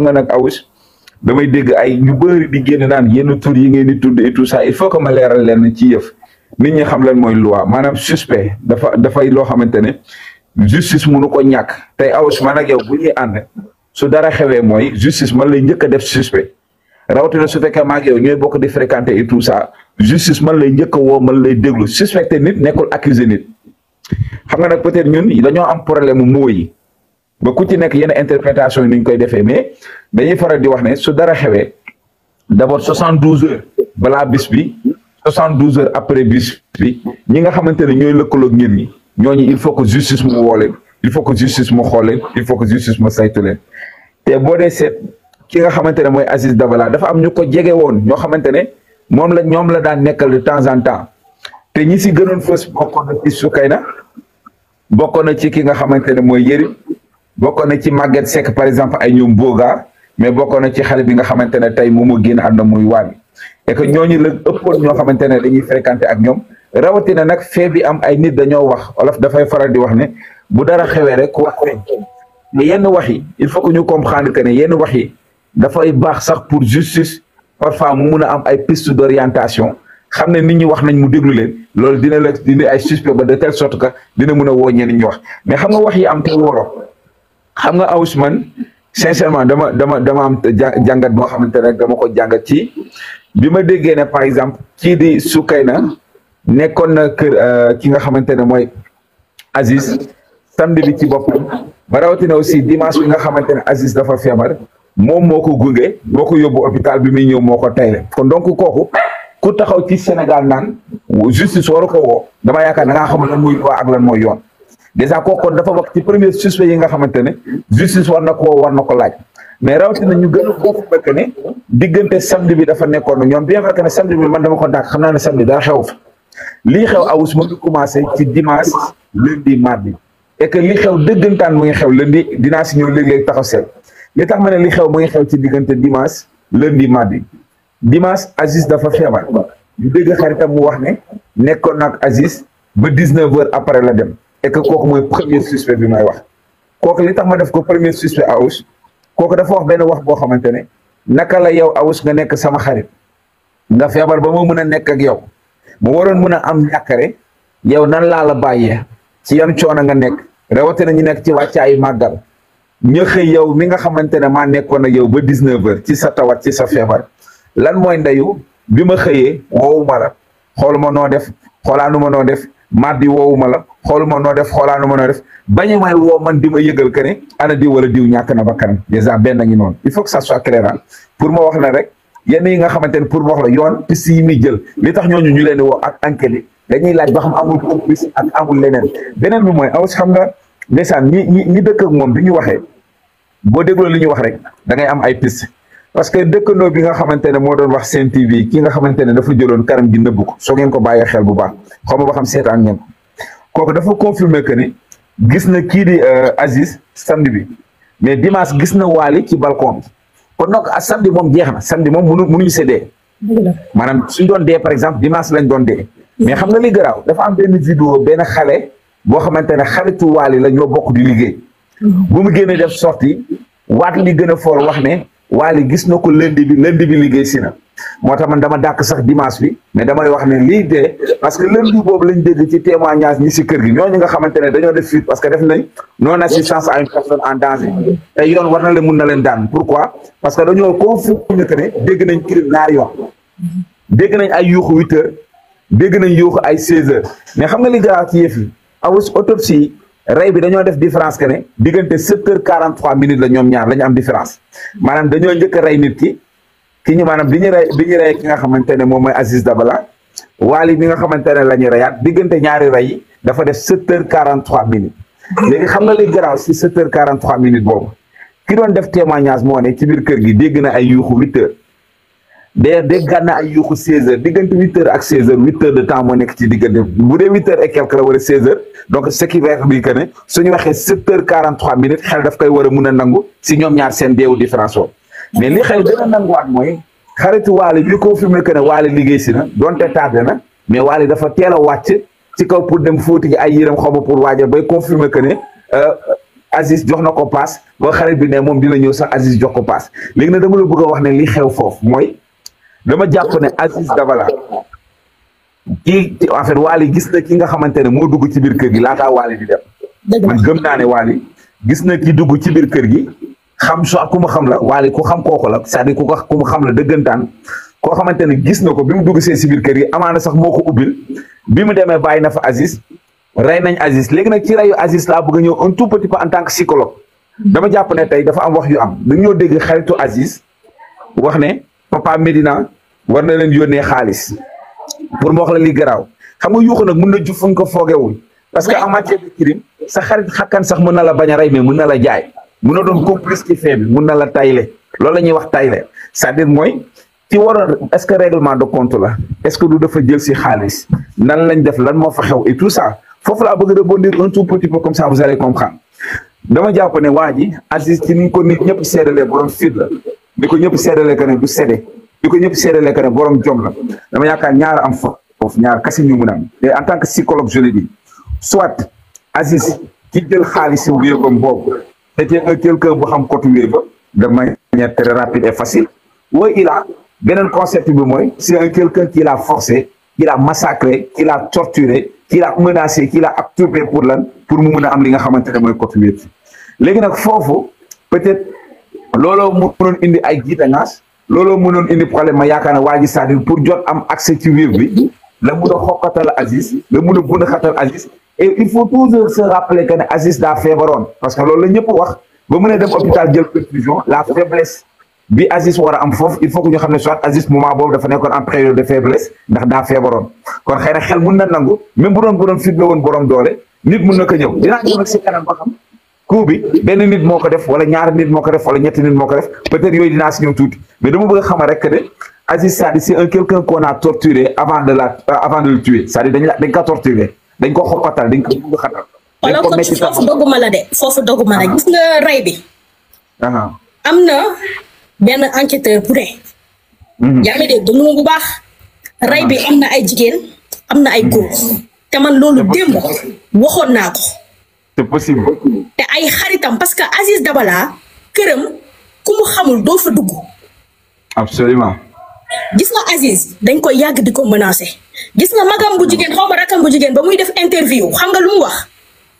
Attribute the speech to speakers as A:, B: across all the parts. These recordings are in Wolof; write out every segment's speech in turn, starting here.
A: xam nga nag Awoush damay dégg ay ñu bëri di génn naan yenn tur yi ngeen di tudd et tout ça il faut que ma leeral leen ci yëf nit ñi xam lan mooy loi maanaam suspect dafa dafay loo xamante ne justice mënu ko ñàkk tey Awoush man ak yow bu ñu ànd su dara xewee mooy justice man lay njëkk def suspect rawatina su fekkee maag yow ñooy bokk di fréquenter et tout ça justice man lay njëkk woo man lay déglu suspecté nit nekkul accusé xam nga nag peut-être yi dañoo am problème mu yi. ba ku ci nekk yenn interprétation yi ni ñu koy defee mais dañuy faral di wax ne su dara xewee d' abord soixante douze heures balaa bis bi soixante douze heures après bis bi ñi nga xamante ne ñooy lëkkaloog ngeen ñi ñooñu il faut que justice mu woo leen il faut que justice mu xool leen il faut que justice mu saytu te boo dee seet ki nga xamante ne mooy Aziz Dabala dafa am ñu ko jege woon ñoo xamante ne moom la ñoom la daan nekkal de temps en temps te ñi si gënoon fës bokkoon na ci Soukayna bokkoon na ci ki nga xamante ne mooy Yérim bokkoon na ci Maguette Seck par exemple ay ñoom Boga mais bokkoon na ci xale bi nga xamante ne tey moom moo génn na muy waami et que ñooñu la ëppoon ñoo xamante ne dañuy fréquenté ak ñoom rawatina nag fee bi am ay nit dañoo wax olof dafay faral di wax ne bu dara xewee rek ku wax mais yenn wax yi il faut que ñu comprendre que ne yenn wax yi dafay baax sax pour justice parfois mu mun a am ay piste d' xam ne nit ñi wax nañ mu déglu leen loolu dina la dina ay suspect ba de telle sorte que dina mun a woo ñeneen ñi wax mais xam nga wax yi am te xam nga aus man sincèrement dama dama dama am jàngat boo xamante ne dama ko jàngat ci bi ma déggee ne par exemple kii di Soukayna nekkoon na kër euh, ki nga xamante ne mooy Aziz samedi bi ci boppam ba rawatina aussi dimanche bi nga xamante ne Aziz dafa feebar moom moo ko gunge moo ko yóbbu hôpital bi muy ñëw moo ko tayle kon donc kooku ku taxaw ci Sénégal naan justice waru ko woo dama yaakaar da ngaa xam lan muy loi ak lan mooy yoon. dèjà kooku kon dafa bokk ci premier suspect yi nga xamante ne justice war na ko war na ko laaj mais na ñu gën a foofu fekk ne diggante samedi bi dafa nekkoon na ñoom bien fekk ne samedi bi man dama ko dàq xam naa ne samedi daa xew fa li xew awus mu ngi commencé ci dimanche lundi mardi et que lii xew dëggantaan mu ngi xew lundi dinaa si ñëw léeg-léeg taxaw seet li tax ma ne li xew mu ngi xew ci diggante dimanche lundi mardi dimanche Aziz dafa feebar ñu dégg xaritam mu wax ne nekkoon nag Aziz ba 19 heures après la dem. et que kooku mooy premier suspect bi may wax kook li tax ma def ko premier suspect Awus kooku dafa wax benn wax boo xamante ne naka la yow Awus nga nekk sama xarit nga feebar ba ma mën a nekk ak yow mu waroon mën a am ñàkkare yow nan laa la bàyyee ci yan coono nga nekk rawatina ñu nekk ci wàccaayu màggal ñu xëy yow mi nga xamante ne maa nekkoon a yow ba 19h ci sa tawat ci sa feebar lan mooy ndeyu bi ma xëyee woowu ma la xool noo def xoolaanu ma noo def. màddi wowuma la xooluma noo def xoolaanuma noo def bañ a may woo man di ma yëgal que ne ana diw wala diw ñàkk na ba kanam dèjà benn ngi noonu il faut que ça soit clair pour ma wax la rek yenn yi nga xamante ne pour ma wax la yoon piste yi muy jël li tax ñooñu ñu leen di woo ak enquête yi dañuy laaj ba xam amul complice ak amul leneen beneen bi mooy aws xam nga ndeysaan ñi ñi ñi dëkk moom bi ñu waxee boo dégloo li ñu wax rek da ngay am ay piste parce que dëkkandoo bi nga xamante ne moo doon wax Sen TV ki nga xamante ne dafa jëloon kanam gi nëbbu ko soo ngeen ko bàyyee xel bu baax xaw ma ba xam seetaan ngeen ko kooku dafa confirmer que ni gis na kii di euh, Aziz samedi bi mais dimanche gis na Waly ci balcon bi kon nag samedi moom jeex na samedi moom munu munuñu séddee maanaam suñ doon dee par exemple dimanche lañ doon dee mais xam na li garaaw dafa am benn vidéo benn xale boo xamante ne xaritu Waly la ñoo bokk di liggéey mm-hmm. bu mu def sorti waat li gën a foor wax ne Wally gis na ko lundi bi lundi bi liggéey si na moo tax man dama dàkk sax dimanche bi mais damay wax ne lii dee parce que lundi boobu lañ dégg ci témoignage ñi si kër gi ñooñu nga xamante ne dañoo def fuite parce que def nañ non assistance à une personne en danger te yoon war na leen mun na leen daan pourquoi parce que dañoo confirmé que ne dégg nañ crime ñaari yoon dégg nañ ay yuuxu huit dégg nañ yuuxu ay seize heures mais xam nga li garaaw ci yëf yi awus rey bi dañoo def différence que ne diggante sept heures quarante trois minutes la ñoom ñaar la ñu am différence maanaam dañoo njëkk a rey nit ki ki ñu maanaam bi ñu rey bi ñu rey ki nga xamante ne moom mooy Aziz Dabala waali bi nga xamante ne la ñu reyaat diggante ñaari rey dafa def sept heures quarante trois minutes léegi xam na li garaaw si sept heures quarante trois minutes boobu ki doon def témoignage moo ne ci biir kër gi dégg na ay yuuxu huit heures de déggaat naa ay yuuxu 16h diggante 8h ak 16h 8h de temps moo nekk ci diggante bu dee 8h et quelque la wala 16h donc ce qui veut dire que ne suñu waxee 7h43 minutes xel daf koy war a mun a nangu si ñoom ñaar seen deewu différence woon mais li xel gën a nanguwaat mooy xaritu waale bi confirmé que ne waale liggéey si na donte tardé na mais waale dafa teel a wàcc ci kaw pour dem fóoti gi ay yéram xaw ma pour waajal bay confirmé que ne. Euh, Aziz jox na ko paas ba xarit bi ne moom dina ñëw sax Aziz jox ko paas léegi nag dama la bëgg wax ne li xew foofu mooy dama jàpp ne Aziz Dabala kii en fait Waly gis na ki nga xamante ne moo dugg ci biir kër gi laataa Waly di dem man gëm naa ne Waly gis na ki dugg ci biir kër gi xam so ku ma xam la Waly ku xam kooku la cest à ku ko ku xam la dëggantaan koo xamante ne gis na ko bi mu dugg see si biir kër gi amaana sax moo ko ubbil bi mu demee bàyyi na fa Aziz rey nañ Aziz léegi nag ci reyu Aziz laa bëgga ñëw un tout petit peu en tant que psychologue dama jàpp ne tey dafa am wax yu am dañoo dégg xaritu Aziz wax ne papa Medina war na leen yónnee xaalis pour mu wax la li garaaw xam nga yuuxu nag mun na jub fu ko foogewul parce que en matière de crime sa xarit xakkan sax mën na la bañ a rey mais mën na la jaay mën na doon complice ci fait bi mën na la tayle loolu la ñuy wax tayle cest à mooy ci waroon est-ce que règlement de compte la est-ce que du dafa jël si xaalis nan lañ def lan moo fa xew et foofu laa bëgg rebondir un tout petit peu comme ça vous allez dama jàpp ne waa ji Aziz ci ni ko nit ñëpp seedalee borom fit la bi ko ñëpp seedale que ne du séddee bi ko ñëpp seedale que ne borom jom la dama yaakaar ñaar am fa foofu ñaar kasi ñu am en tant que psychologue je le soit Aziz ki jël xaalisu wéebam boobu c'était un quelqu'un bu xam côté ba de manière très rapide et facile wooy ila beneen concept bi mooy c'est un quelqu'un qui l'a forcé qui l'a massacré qui l'a torturé qui l'a menacé qui pour lan pour mu mun a am li nga xamante ne mooy côté wéeb léegi nag foofu peut-être looloo mënoon indi ay jiita ngaas looloo mënoon indi problème ma yaakaar ne waa ji cest pour jot am accès ci wér bi la mun a xokkatal Aziz la mun a bun a xatal Aziz et il faut toujours se rappeler que ne daa feebaroon parce que loolu la ñëpp wax ba mën a dem hôpital jël perfusion la faiblesse bi Aziz war a am foofu il faut que ñu xam ne soit Aziz moment boobu dafa nekkoon en période de faiblesse ndax daa feebaroon kon xëy na xel mun na nangu même bu doon bu doon woon borom doole nit mun na ko ñëw dinaa ñëw coup bi benn nit moo ko def wala ñaar nit moo ko def wala ñetti nit moo ko def peut-être yooyu dinaa si ñëw tuuti mais dama bëgg a xamal rek que ne Aziz Sadi c'est un quelqu'un qu'on a torturé avant de la euh, avant de le dañ ko torturé dañ ko xoppatal dañ ko bëgg xatal.
B: dañ ko métti foofu doguma la ah. bi. Ah. am na benn enquêteur bu ne. Mhm. yaa ngi dégg dama bu baax. rey bi ah. am na ay jigéen am na ay góor. Mhm. te man loolu démb waxoon naa ko. c'est possible. te ay xaritam parce que Aziz Dabala këram ku mu xamul doo fa dugg. gis nga Aziz dañ koy yàgg di ko menacer gis na magam bu jigéen xaw ma bu jigéen ba muy def interview xam nga lu mu wax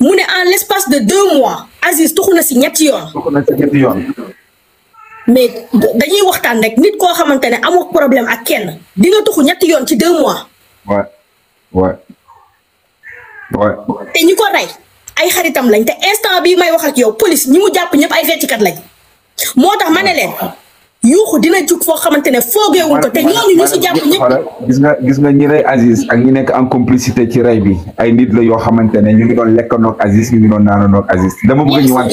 B: mu ne en l'espace de deux mois Aziz tuxu na si ñetti yoon. tuxu na mais dañuy waxtaan rek nit koo xamante ne amoo problème ak kenn di tuxu ñetti yoon ci deux mois. te ñi ko rey. ay xaritam lañ te instant bii may wax ak yow police ñi mu jàpp ñëpp ay feccikat lañ moo tax ma leen yuuxu dina jug foo xamante ne foogeewuñ ko te ñooñu ñu si jàpp ñëpp.
A: gis nga gis nga ñi rey Aziz ak ñi nekk en complicité ci rey bi ay nit la yoo xamante ne ñu ngi doon lekkandoo ak Aziz ñu ngi doon naanandoo ak Aziz dama bëgg ñu waat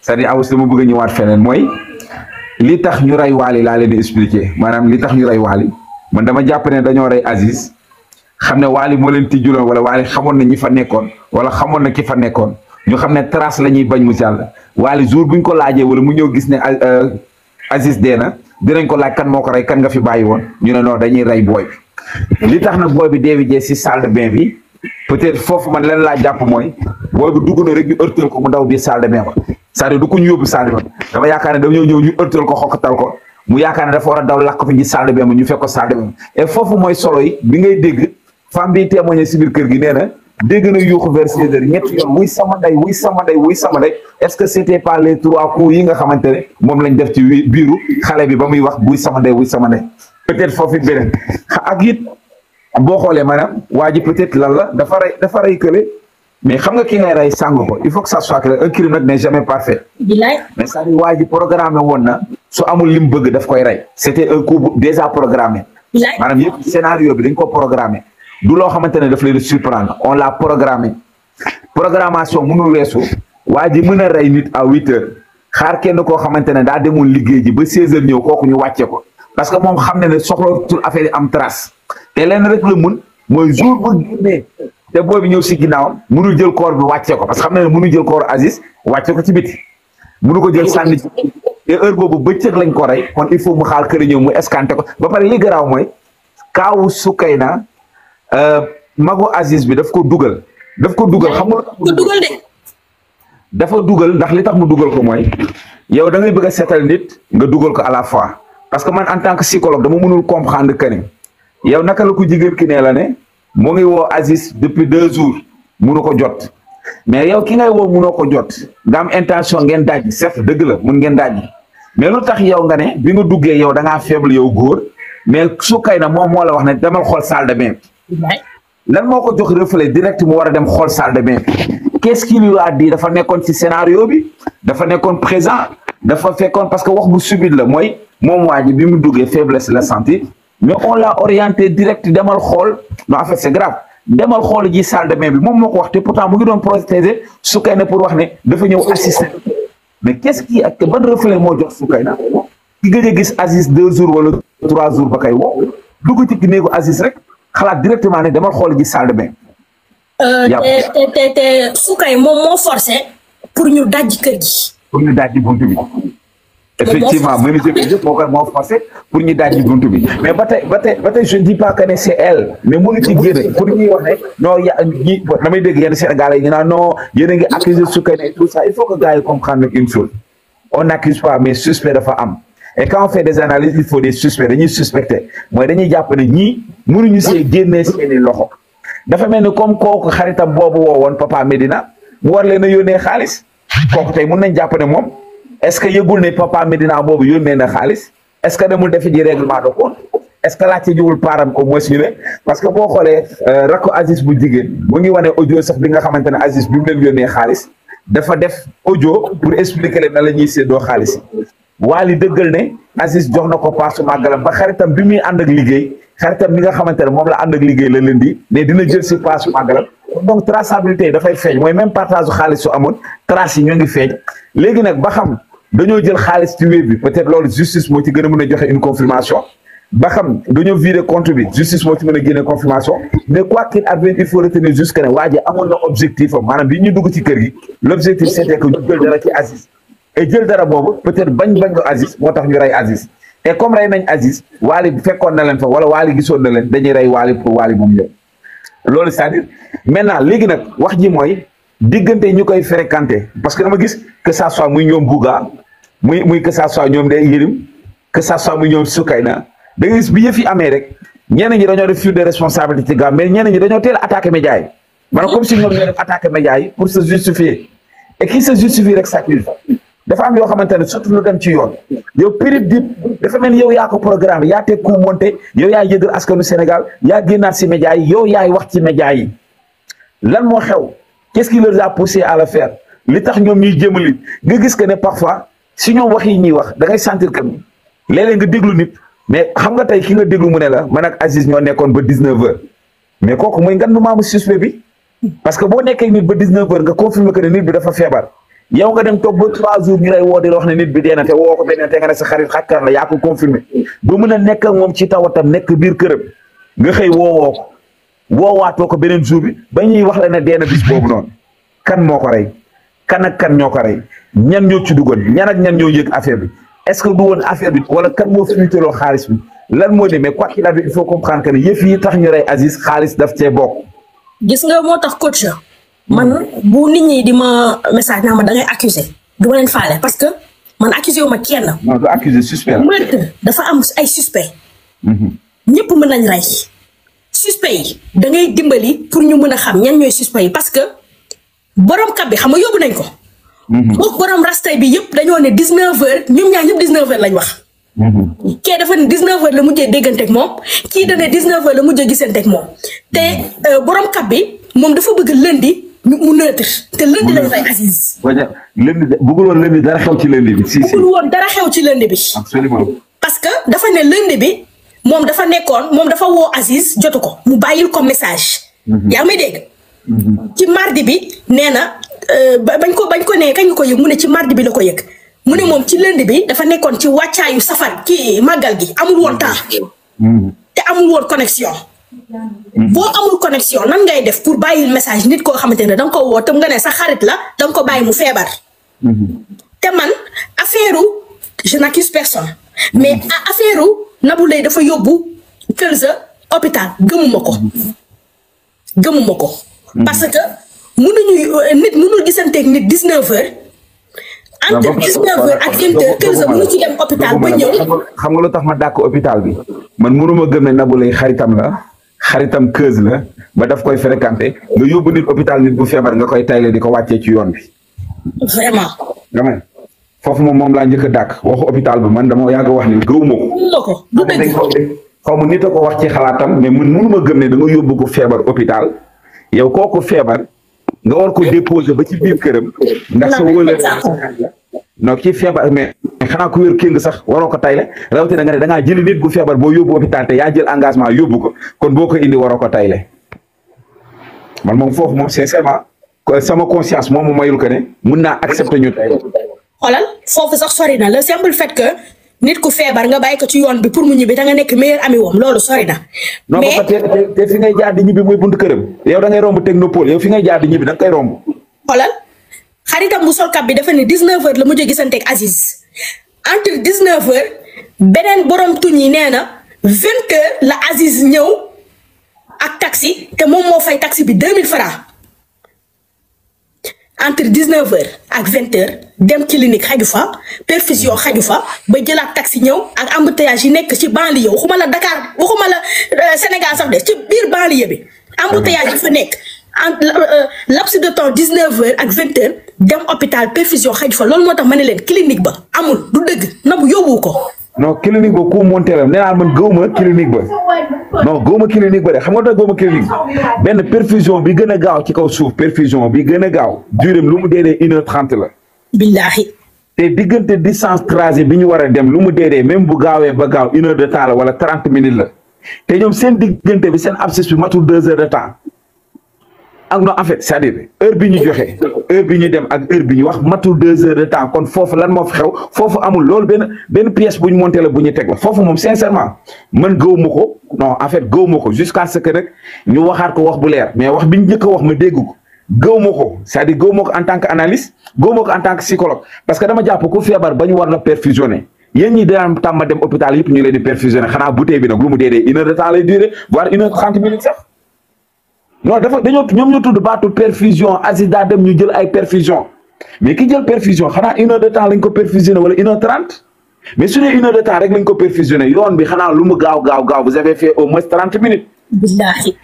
A: c'est-à-dire Awus dama bëgg ñu waat feneen mooy li tax ñu rey Waly laale leen expliquer maanaam li tax ñu rey Waly man dama jàpp ne dañoo rey Aziz xam ne waali moo leen tijjuloon wala waali xamoon na ñi fa nekkoon wala xamoon na ki fa nekkoon ñu xam ne trace la ñuy bañ mu jàll waali jour buñ ko laajee wala mu ñëw gis ne euh, euh, Aziz dee na dinañ ko laaj kan moo ko rey kan nga fi bàyyi woon ñu ne non dañuy rey booy bi li tax na booy bi deewi jee si salle bin bi peut-être foofu man leen laa jàpp mooy booy bi dugg na rek ñu heurtal ko mu daw biir salle de bain ba c'est-à-dire du ko ñu yóbbu salle de bain yaakaar ne dafa ñëw ñëw ñu heurtal ko xokkatal ko mu yaakaar ne dafa war a daw lakk fi ji salle de bain ñu fekk ko salle de bain et bi ngay dégg femme bi témoigné si biir kër gi nee na dégg na yuuxu vers six heures ñetti yoon wuy sama ndey wuy sama ndey wuy est-ce que c'était pas les trois coups yi nga xamante ne moom lañ def ci biiru xale bi ba muy wax buy sama ndey wuy sama ndey peut-être foofu beneen ak it boo xoolee maanaam waa ji peut-être lan la dafa rey dafa rey kële mais xam nga ki ngay rey sàng ko il faut que ça soit clair un crime nag n'est jamais parfait mais c'est-à-dire waa ji programmé woon na su amul li mu bëgg daf koy rey c'était un coup déjà maanaam yëpp scénario bi dañ ko programmé du loo xamante ne daf lay surprendre on l'a programmé programmation mënul weesu waa ji mën a rey nit à huit xaar kenn koo xamante ne daa demoon liggéey ji ba seize heures ñëw kooku ñu wàcce ko parce que moom xam ne ne soxlootul affaire yi am trace te leen rek la mun mooy jour bu génnee te booy bi ñëw si ginnaawam mënul jël koor bi wàcce ko parce que xam ne ne mënul jël koor Aziz wàcce ko ci biti mënu ko jël sànni ci te heure boobu bëccëg lañ ko rey kon il faut mu xaar kër ñëw mu escanté ko ba pare li garaaw mooy kaawu Soukeyna Euh, magu Aziz bi daf ko dugal. daf ko dugal xam nga ko dugal dugal ndax li tax mu dugal ko mooy yow da ngay bëgg a seetal nit nga dugal ko à la fois parce que man en tant que psychologue dama mënul comprendre que ni yow naka la ko jigéen ki ne la ne mu ngi woo Aziz depuis deux jours mënu ko jot mais yow ki ngay woo mënoo ko jot nga am intention ngeen daaj certes dëgg la mun ngeen daaj mais lu tax yow nga ne bi nga duggee yow da ngaa faible yow góor mais su kay na moom moo la wax ne demal xool salle de bain lan moo ko jox reflet direct mu war a dem xool salle de bain bi qu'est-ce qu'il lui a dit dafa nekkoon ci scénario bi dafa nekkoon présent dafa fekkoon parce que wax bu subit la mooy moom waa ji bi mu duggee faiblesse la santé mais on l'a orienté direct demal xool non en fait c'est demal xool ji salle de bi moom moo ko wax te pourtant mu ngi doon protégé Soukeyna pour wax ne dafa ñëw assister mais qu'est-ce qui ak ban reflet moo jox Soukeyna ki gëj gis Aziz deux jours wala trois jours ba kay woo dugg ci néegu rek. xalaat directement ne dama xool ji salle de bain.
B: Euh, te te te Soukay moom moo forcé pour ñu daj kër gi.
A: pour ñu daj buntu bi.
B: effectivement menuisier bi
A: yëpp moo koy moo forcé pour ñu mais ba tey ba tey ba tey je ne dis pas que ne pour ñuy wax ne non ya ñi damay dégg yenn Sénégalais yi ñu naan non yéen ngi accuser Soukay ne tout ça il faut que gars yi comprendre une chose on n'accuse pas mais suspect dafa am. et quand on fait des analyses il faut des suspects dañuy suspecté mooy dañuy jàpp ñii munuñu see génnee seeni loxo dafa mel ni comme kooku xaritam boobu woo woowoon papa Medina mu war leen a yónnee xaalis kooku tey mun nañ jàpp ne moom est-ce que yëgul ne papa Medina boobu yónnee na xaalis est-ce que demul defi ji règlement de compte est-ce que laajte jiwul paaram au moins parce que boo xoolee euh, rakko Aziz bu jigéen mu ngi wane audio sax bi nga xamante ne Aziz bi mu leen yónnee xaalis dafa def audio pour expliquer na la ñuy séddoo xaalis li dëggal ne Aziz jox na ko paasu màggalam ba xaritam bi muy ànd ak liggéey xaritam bi nga xamante ne moom la ànd ak liggéey la leen di ne dina jël si paasu màggalam donc traçabilité yi dafay feeñ mooy même partage su xaalis su amoon trace yi ñoo ngi feeñ léegi nag ba xam dañoo jël xaalis ci web bi peut-être loolu justice moo ci gën a mën a joxe une confirmation ba xam dañoo virer compte bi justice moo ci mën a génne confirmation mais quoi qu'il advienne il faut ne waa ji dugg ci kër gi l' objectif c' était que ñu ci Aziz et jël dara boobu peut-être bañ bañ ko moo tax ñu rey Aziz et comme rey nañ Aziz waali fekkoon na leen fa wala waali gisoon na leen dañuy rey waali pour waali bu ñëw loolu c'est-à-dire maintenant léegi nag wax ji mooy diggante ñu koy fréquenté parce que dama gis que ça soit muy ñoom Bouga muy muy que ça soit ñoom de Yérim que ça soit muy ñoom Soukayna da nga gis bi yëf yi amee rek ñenn ñi dañoo def fuite de responsabilité ci ñi dañoo teel attaqué média yi maanaam comme si ñoom ñoo def média yi pour se justifier et rek s'accuse dafa am yoo xamante ne surtout lu dem ci yoon yow période bi dafa mel yow yaa ko programme yaa teg ku monté yow yaay yëgal askanu Sénégal yaa génnaat si médias yi yow yaay wax ci médias yi lan moo xew qu'est-ce qui les a à le faire li tax ñoom ñuy jëmali nga gis que ne parfois si ñoom wax yi ñuy wax da ngay sentir que léeg-léeg nga déglu nit mais xam nga tey ki nga déglu mu ne la man ak Aziz ñoo nekkoon ba 19 mais kooku mooy ngan nu maamu suspect boo nekkee nit ba 19h nga confirmer que bi dafa feebar. yow nga dem toog ba trois jours ñu lay woo di wax ne nit bi dee na te woo ko beneen te nga ne sa xarit xàkkar la yaa ko confirmé ba mën a nekk ak moom ci tawatam nekk biir këram nga xëy woo ko woowaatoo ko beneen jour bi ba ñuy wax la ne dee na boobu noonu kan moo ko rey kan ak kan ñoo ko rey ñan ñoo ci duggoon ñan ak ñan ñoo yëg affaire bi est-ce que du woon affaire bi wala kan moo fimuteloo xaalis bi lan moo ne mais quoi qu'il avait il faut comprendre que tax ñu rey Aziz xaalis daf cee bokk.
B: man bu nit ñi di ma message naa ma da ngay accusé du ma leen faale parce que man accusé wu ma kenn.
A: non du accusé suspect
B: dafa am ay suspect mhm. ñëpp mën nañ rey. suspect yi da ngay dimbali pour ñu mën a xam ñan ñooy suspect yi parce que borom kab bi xam nga yóbbu nañ ko. Mhm. boog borom rastay bi yëpp dañoo ne 19h ñoom ñaar ñëpp 19h lañ wax. Mhm. kii dafa ne 19h la mujjee dégganteeg moom kii da ne 19h la mujjee gisanteeg moom. te euh, borom kab bi moom dafa bëgg lëndi. mu neutre te lënd lañ fay Aziz. lënd bëggul woon lënd dara xew ci lënd bi. si woon dara xew ci lënd bi. absolument. parce que dafa ne lënd bi moom dafa nekkoon moom dafa woo Aziz jotu ko mu bàyyil ko message. Mhm. yaa ngi may dégg. Mhm. ci mardi bi nee na euh, bañ ko bañ ko nee kañ ko yëg mu ne ci mardi bi la ko yëg mu ne moom ci lënd bi dafa nekkoon ci wàccaayu safar kii màggal gi amul woon temps. Mhm. te amul woon connexion. Mhm. boo amul connexion nan ngay def pour bàyyi message nit koo xamante ne da nga ko woo tam nga ne sa xarit la da ko bàyyi mu feebar. Mhm. te man affaire je n'accuse personne mhm. mais affaire Nabou Leye dafa yóbbu Kërza hôpital gëmuma ko. gëmuma ko. parce que mënuñu euh, nit mënul gisanteeg nit 19h. entre 19 ak 20h Kërza mënu dem hôpital ba ñëw.
A: xam nga lu tax ma dàkk hôpital bi man mënuma gëm ne Nabou Leye xaritam la. xaritam keuse la ba def koy fréquenté nga yóbbu nit hôpital nit bu feebar nga koy tayle di ko wàccee ci yoon bi. vraiment. dama foofu moom moom laa njëkk a dàkk waxu hôpital ba man dama yàgg wax ne gëw ma ko. xaw ma nit a ko wax ci xalaatam mais mun mënuma gëm ne da nga yóbbu ko feebar hôpital yow kooku feebar nga war ko déposer ba ci biir këram. ndax sa wëla donc ci feebar mais xanaa ku wér nga sax waroo ko tayle rawatina nga ne da ngaa jëli nit bu feebar boo yóbbu hôpital te yaa jël engagement yóbbu ko kon boo ko indi waroo ko tayle man moom foofu moom sincèrement sama conscience moom mu mayul ko ne mun naa accepter ñu tayle.
B: xoolal foofu sax sori na le simple fait que nit ku feebar nga bàyyi ko ci yoon bi pour mu ñibbi da nga nekk meilleur ami woom loolu sori na. non te
A: fi ngay jaar di ñibbi muy bunt këram yow dangay ngay romb technopole yow fi ngay jaar di ñibbi da koy romb.
B: xoolal. xaritam bu solkab bi dafa ne 19h la mujj gisante ak Aziz entre 19h beneen borom tuñ yi nee na 20 la Aziz ñëw ak taxi te moom moo fay taxi bi 2000 francs entre 19h ak 20h dem clinique xaju fa perfusion xaju fa ba jëlaat taxi ñëw ak embouteillage yi nekk ci banlieue waxuma la Dakar waxuma la euh, Sénégal sax de ci biir banlieue bi embouteillage yi fa nekk. en euh, euh, laps de temps 19 heures ak 20 heures dem hôpital perfusion xëy fa loolu moo tax ma ne leen clinique ba amul du dëgg na bu yóbbu ko.
A: non clinique ba ku monté la nee naa man gëwuma clinique ba non gëwuma clinique ba de xam nga tax ma clinique benn perfusion bi gën a gaaw ci kaw suuf perfusion bi gën a gaaw durée lu mu dee dee une heure trente la. billaahi. te diggante distance tracée bi ñu war a dem lu mu dee dee bu gaawee ba gaaw une heure de temps wala trente minutes la ñoom seen diggante bi seen abscisse bi matul deux heures temps. ak non en fait c'est-à-dire heure bi ñu joxe heure bi ñu dem ak heure bi ñu wax matul deux heures de temps kon foofu lan moo xew foofu amul loolu benn benn bu ñu monté bu ñu teg la foofu moom sincèrement man gëw ma ko non en fait gëw ce que ñu waxaat ko wax bu leer mais wax bi ñu njëkk a wax ma dégg ko gëw ma ko cest à en tant que analyste gëw ma en tant que psychologue parce que dama jàpp ku feebar ba ñu war la perfusionné ñi daan tàmm non dafa dañoo ñoom ñu tudd baatu perfusion Aziz daa dem ñu jël ay perfusion mais ki jël perfusion xanaa une heure de temps lañ ko perfusionné wala une heure trente su dee une heure de temps rek lañ ko perfusionné bi xanaa lu mu gaaw gaaw gaaw vous avez fait au moins trente minutes.
B: billahi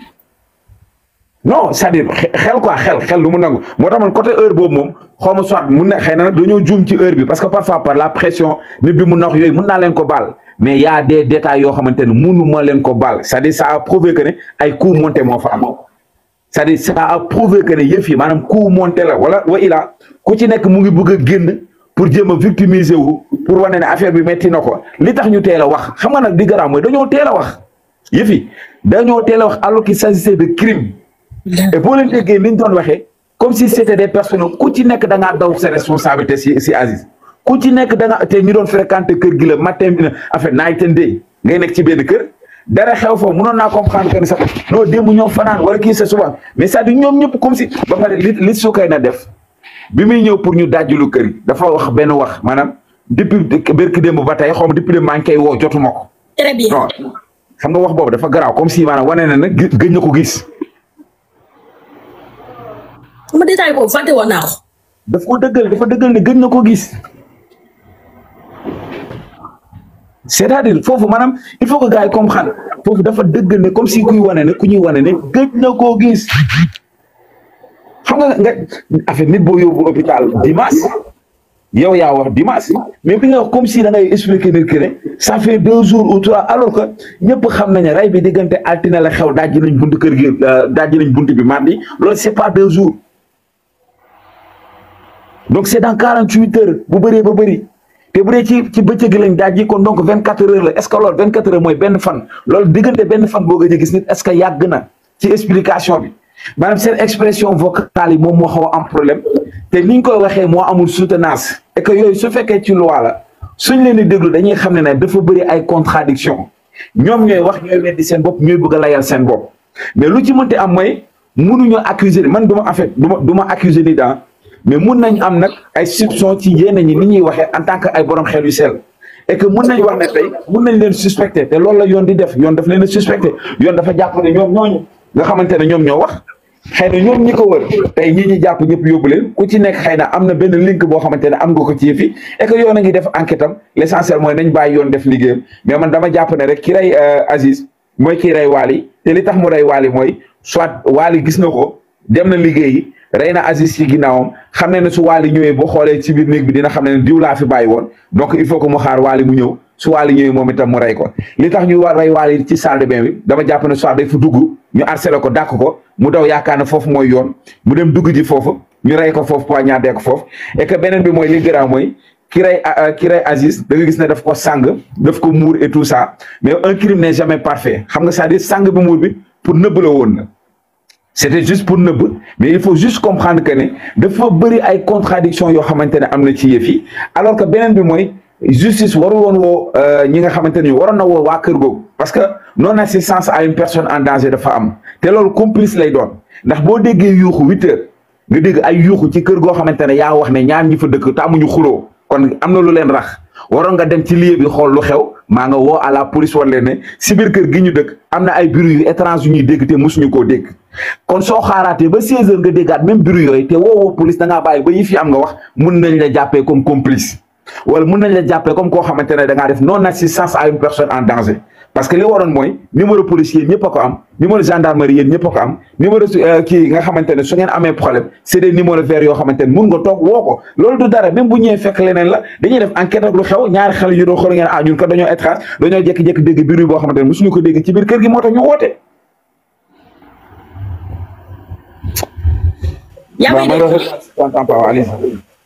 A: non dire xel quoi xel xel lu mu nangu moo tax man côté heure boobu moom xaw ma soit mun ne xëy na nag dañoo juum ci heure bi parce que parfois par la pression nit bi mu nax yooyu mun naa leen ko baal mais y a des détails yoo xamante ne munu ma leen ko baal c'est-à-dire ça a prouvé que ne moo c'est-à-dire ça a maanaam coup monté la wala wa ilaa ku ci nekk mu ngi bëgg a génn pour jéem a victimiser wu pour wane ne affaire bi metti na ko li tax ñu teela wax xam nag di garaaw mooy dañoo teel a wax yëfi yi dañoo teel a wax alors qu'il s'agissait de crime et boo leen déggee ni ñu doon waxee comme si c'était de personnes ku ci nekk da ngaa daw sa responsabilité te si Aziz ku ci nekk da nga te ñu doon fréquenter kër gi la matin bi na en fait night ngay nekk ci benn kër dara xew fa mënoon naa comprendre que ni sax non démb ñoo fanaan wala kii sa suba mais cest à ñoom ñëpp comme si ba pare li li na def bi muy ñëw pour ñu dajjulu kër yi dafa wax benn wax maanaam depuis berki démb ba tey xaw ma depuis de maa koy woo jotuma ko. très xam nga wax boobu dafa garaaw comme si maanaam wane na nag gëj na ko gis.
B: ma détaillé ko fàtte woon naa ko. daf ko dëggal dafa dëggal ne gëj na ko gis.
A: c'est-à-dire foofu maanaam il faut que gars yi comprendre foofu dafa dëgg ne comme si kuy wane ne ku ñuy wane ne gëj na koo gis xam nga nga affaire nit boo yóbbu hôpital dimanche yow yaa wax dimanche mais bi nga wax comme si da ngay expliquer nit ki ne ça fait deux jours ou alors que ñëpp xam nañ rey bi diggante altine la xew dajji nañ bunt kër gi euh, dajji nañ buntu bi mardi loolu c'est pas deux jours donc c'est dans quarante-huit bu bëree ba bëri te bu dee ci ci bëccëg lañ daaj yi kon donc vingt quatre heures la est ce que loolu vingt quatre heures mooy benn fan loolu diggante benn fan boo gëj a gis nit est ce que yàgg na ci explication bi maanaam seen expression vocale yi moom moo xaw a am problème te ni ñu koy waxee moo amul soutenance et que yooyu su fekkee ci loi la suñ leen di déglu dañuy xam ne ne dafa bëri ay contradiction ñoom ñooy wax ñooy weddi seen bopp ñooy bëgg a layal seen bopp mais lu ci mënti am mooy mënuñoo accuser man du ma en fait ma du ma accuser ni daa ah. mais mun nañ am nag ay soupçon ci yenn ñi ni ñuy waxee en tant que ay borom xel yu sell et que mun nañ wax ne tey mun nañ leen suspecté te loolu la yoon di def yoon daf leen a suspecté yoon dafa jàpp ne ñoom ñooñu xamante ne ñoom ñoo wax xëy na ñoom ñi ko wër tey ñii ñi jàpp ñëpp yóbbu leen ku ci nekk xëy na am na benn link boo xamante ne am nga ko ci yëf yi ngi def enquête am l' mooy nañ bàyyi yoon def liggéeyam mais man dama jàpp rek ki rey euh, Aziz mooy kii rey Waly te li tax mu rey Waly mooy soit Waly gis na ko dem na liggéeyi rey na Aziz ci ginnaawam xam ne ne su Wally ñëwee boo xoolee ci biir néeg bi dina xam ne ne diw laa fi bàyyi woon donc il faut que mu xaar Wally mu ñëw su Wally ñëwee moom itam mu rey ko li tax ñu war rey Wally ci salle de bain bi dama jàpp ne soit day fu dugg ñu harcelé ko dàq ko mu daw yaakaar ne foofu mooy yoon mu dem dugg ji foofu ñu rey ko foofu poignardé ko foofu et que beneen bi mooy li a mooy ki rey ah, ah, ki rey da nga gis ne def ko sang def ko muur et tout ça mais un crime n'est jamais parfait xam nga c'est-à-dire sang bi muur bi pour nëbb woon na c'était juste pour nëbb mais il faut juste comprendre que ne dafa bëri ay contradiction yoo xamante ne am na ci yëf yi alors que beneen bi mooy justice waru woon woo euh, ñi nga xamante ne waroon na woo waa kër googu parce que non assistance à une personne en danger dafa am te loolu complice lay doon ndax boo déggee yuuxu huit nga dégg ay yuuxu ci kër goo xamante ne yaa wax ne ñaar ñi fa dëkk te amuñu xuloo kon am na lu leen rax waroon nga dem ci lieu bi xool lu xew maa nga woo à la police wan ne si biir gi ñu dëkk am na ay bruit yu yu ñuy dégg te mosuñu koo dégg kon soo xaaraatee ba 16h nga déggaat même bureau yooyu te woowoo police da ngaa bàyyi ba yi am nga wax mun nañ la jàppee comme complice wala mun nañ la jàppee comme koo xamante ne da ngaa def non assistance une personne en danger parce que li waroon mooy numéro policier ñëpp a ko am numéro gendarmerie yéen ñëpp a ko am numéro euh, kii nga xamante ne ngeen amee problème c'est des numéros verts yoo xamante mun nga toog woo ko loolu du dara même bu ñëwee yaa may dégg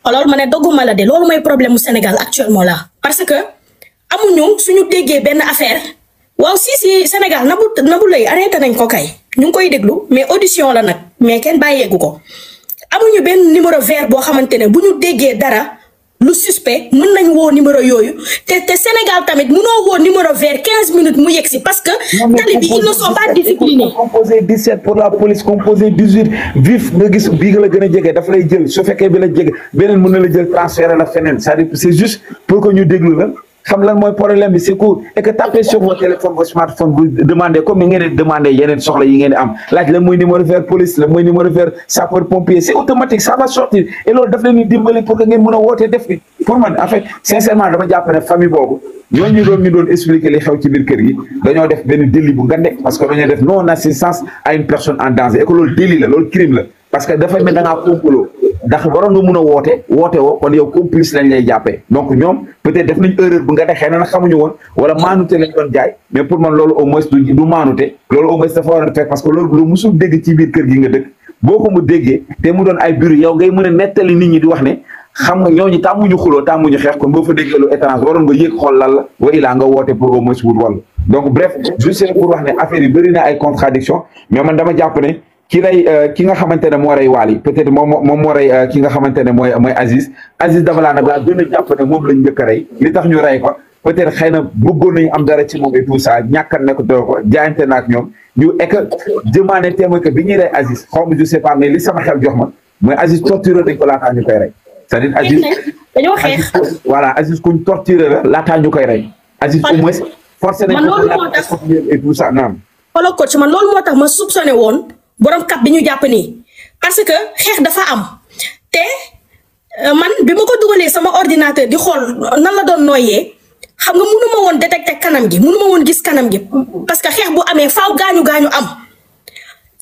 B: alors ma ne dogguma la de loolu mooy problème mu Sénégal actuellement là parce que amuñu suñu déggee benn affaire waaw si si Sénégal Nabou Nabou Leye arrêté nañ ko kay ñu ngi koy déglu mais audition la nag mais kenn bàyyeegu ko amuñu benn numéro vert boo xamante ne bu ñu déggee dara lu suspect mën nañ woo numéro yooyu te te Sénégal tamit mënoo woo numéro vers quinze minutes mu yegg si parce que tali bi ils ne sont pas disciplinés composé
A: 17 pour la police composé 18 vif nga gis bii nga la gën a jege dafa lay jël su fekkee bi la jege beneen mun na la jël transféré la feneen cest juste pour que ñu déglu la xam lan mooy problème bi c'est court et que tapez sur votre téléphone votre smartphone vous demandez comme ni ngeen di demandé yeneen soxla yi ngeen am laaj lan mooy numéro vert police lan mooy numéro vert sapeur pompier c'est automatique ça va sortir et loolu daf leen di dimbali pour que ngeen mën a woote def pour man en fait sincèrement dama jàpp famille boobu ñooñu doon ñu doon expliquer li xew ci biir kër gi dañoo def benn délit bu nga nekk parce que dañoo parce que dafay mel da ngaa complot ndax waroon nga mun a woote woote woo kon yow complice lañ lay jàppee donc ñoom peut-être def nañ bu nga dexee na xamuñu woon wala maanute lañ doon ay bureau yow ngay mën a nettali nit ñi di wax ne xam nga ñooñu tàmmuñu xuloo tàmmuñu xeex kon boo fa déggee lu étrange waroon nga yëg xool lan wa ilaa nga woote pour au moins wut wàll donc bref juste pour wax ne affaire yi bëri ay contradiction mais man dama ki rey euh, ki nga xamante ne moo rey Wally peut-être moom moom moo rey euh, ki nga xamante mooy mooy Aziz dafa laa nag laa gën a jàpp ne moom lañ njëkk a rey li tax ñu rey ko peut-être xëy na bëggoon nañu am dara ci moom et tout ça ñàkk nekk doo ko jaayante na ñoom ñu et que demandé témoin que bi ñuy rey Aziz xaw ma je sais li sama xel jox ma mooy Aziz torturé dañ ko laataa ñu koy rey cest kuñ torturé la ñu koy rey Aziz au moins forcé nañ ko et tout ça naam
B: xoolal coach man loolu moo tax ma borom cap bi ñu jàpp nii parce que xeex dafa am te euh, man bi ma ko dugalee sama ordinateur di xool nan la doon nooyee xam nga mënu ma woon détecter kanam gi mënu ma woon gis kanam gi parce que xeex bu amee faaw gaañu gaañu am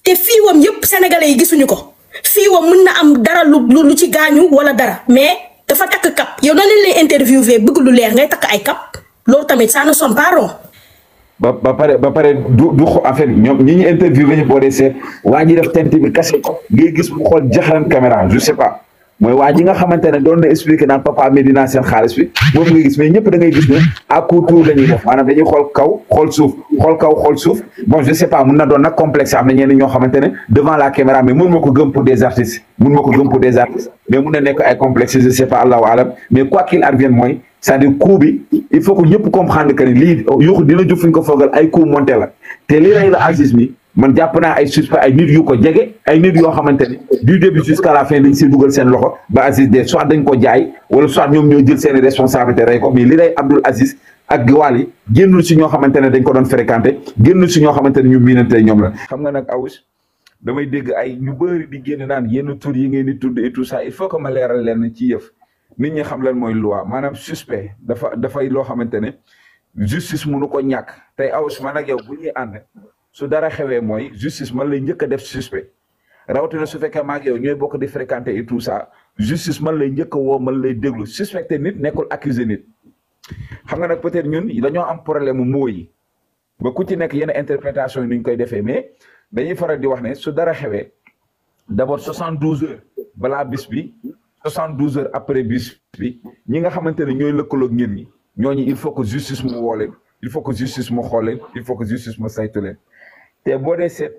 B: te fii wam yëpp sénégalais yi gisuñu ko fii wam mën na am dara lu lu ci gaañu wala dara mais dafa takk kap yow na lañ lay interviewé bëgg lu leer ngay takk ay kap loolu tamit ça ne sonne
A: ba ba pare ba pare du du xo affaire bi ñoom ñi ñu interviewé ñu boo dee seet waa def tent bi kase ko ngay gis mu xool jaxaran caméra je sais mooy waa ji nga xamante ne doon na expliqué naan papa Medina seen xaalis moom nga gis mais ñëpp da gis ne à court tour la ñuy def maanaam dañuy xool kaw xool suuf xool kaw xool bon je sais pas mun na doon nag complexe am na ñenn ñoo xamante ne devant la caméra mais mun ma ko gëm pour des artistes mun ma ko gëm pour des artistes mais mun na nekk ay complexe je sais pas allahu alam mais quoi qu'il advienne mooy cest à bi il faut que ñëpp comprendre que ni lii man jàpp naa ay suspect ay nit yu ko jege ay nit yoo xamante ne du début jusqu'à la fin dañ siy dugal seen loxo ba Aziz de soit dañ ko jaay wala soit ñoom ñoo jël seen responsabilité rey ko mais li lay Abdoul Aziz ak Waly yi génnul si ñoo xamante ne dañ ko doon fréquenté génnul si ñoo xamante ne ñu miinante ñoom la xam nga nag Awus damay dégg ay ñu bëri di génn naan yenn tur yi ngeen di tudd et tout ça il faut que ma leeral leen ci yëf nit ñi xam lan mooy loi maanaam suspect dafa dafay loo xamante ne justice mënu ko ñàkk tey Awus man ak yow bu ñuy ànd su dara xewee mooy justice man lay njëkk a def suspect rawatina su fekkee maag yow ñooy bokk di fréquenter et tout ça justice man lay njëkk woo man lay déglu suspecté nit nekkul accusé nit xam nga nag peut-être ñun dañoo am problème mu moo yi ba ku ci nekk yenn interprétation yi ni ñu koy defee mais dañuy faral di wax ne su dara xewee d'abord soixante douze heures balaa bis bi soixante douze heures après bis bi ñi nga xamante ne ñooy lëkkaloog ngeen ñi ñooñu il faut que justice mu woo leen il faut que justice mu xool leen il faut saytu leen te boo dee seet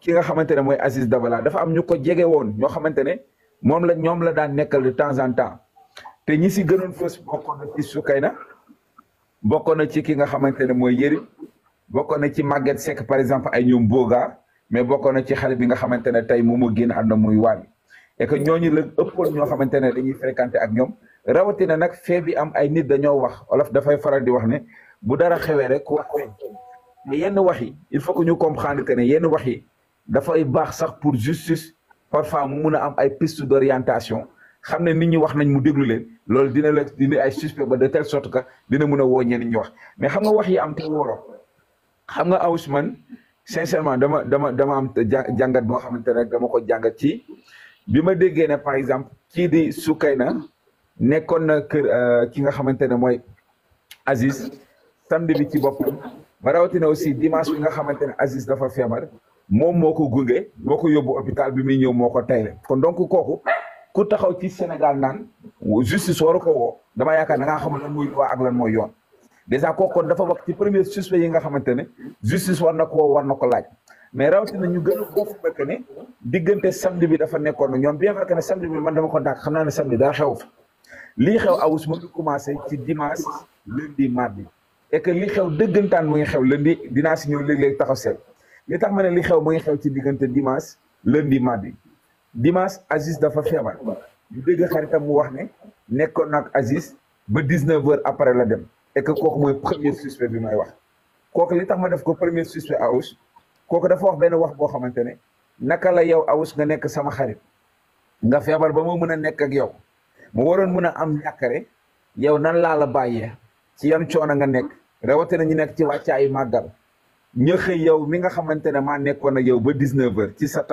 A: ki nga xamante ne mooy Aziz Dabala dafa am ñu ko jege woon ñoo xamante ne moom la ñoom la daan nekkal de temps en temps te ñi si gënoon fës bokkoon na ci Soukayna bokkoon na ci ki nga xamante ne mooy Yérim bokkoon na ci Maguette Seck par exemple ay ñoom Boga mais bokkoon na ci xale bi nga xamante ne tey moom moo génn àdduna muy waan et que ñooñu la ëppoon ñoo xamante ne dañuy fréquenté ak ñoom rawatina nag fee bi am ay nit dañoo wax olof dafay faral di wax ne bu dara xewee rek wax yenn wax yi il faut que ñu comprendre que ne yenn wax yi ay baax sax pour justice parfois mu mun a am ay piste d' xam ne ni ñi wax nañ mu déglu leen loolu dina la dina ay suspect ba de telle sorte que dina mun a woo ñenn ñu wax mais xam nga wax yi am te wóoroo xam nga Ousmane sincèrement dama dama dama am jàngat moo xamante ne dama ko jàngat ci bi ma déggee ne par exemple kii di Soukeyna nekkoon na kër euh, ki nga xamante ne mooy Aziz samedi bi ci boppam. ba rawatina aussi dimanche bi nga xamante ne Aziz dafa feebar moom moo ko gunge moo ko yóbbu hôpital bi muy ñëw moo ko tayle kon donc kooku ku taxaw ci Sénégal naan justice waru ko woo dama yaakaar da ngaa xamul lan muy waa ak lan mooy yoon dèjà kooku kon dafa wax ci premier suspect yi nga xamante ne justice war na ko war na ko laaj mais rawatina ñu gën a boofu que ne diggante samedi bi dafa nekkoon na ñoom bien vrai que ne samedi bi man dama ko dàq xam naa ne samedi dara xew fa lii xew awus mu ngi commencé ci dimanche lundi mardi et que li xew dëggantaan mu ngi xew lundi dinaa si ñëw léegi léeg taxaw seet li tax ma ne li xew mu ngi xew ci diggante dimanche lundi mardi dimanche Aziz dafa feebar ñu dégg xaritam mu wax ne nekkoon nag Aziz ba 19 heures après la dem et que kooku mooy premier suspect bi may wax kooku li tax ma def ko premier suspect Aoush kooku dafa wax benn wax boo xamante ne naka la yow Aoush nga nekk sama xarit nga feebar ba moo mën a nekk ak yow mu waroon mën a am ñàkkare yow nan laa la bàyyee. ci yan coono nga nekk rawatina ñu nekk ci wàccaayu màggal nga xëy yow mi nga xamante ne maa nekkoon ak yow ba 19h ci sa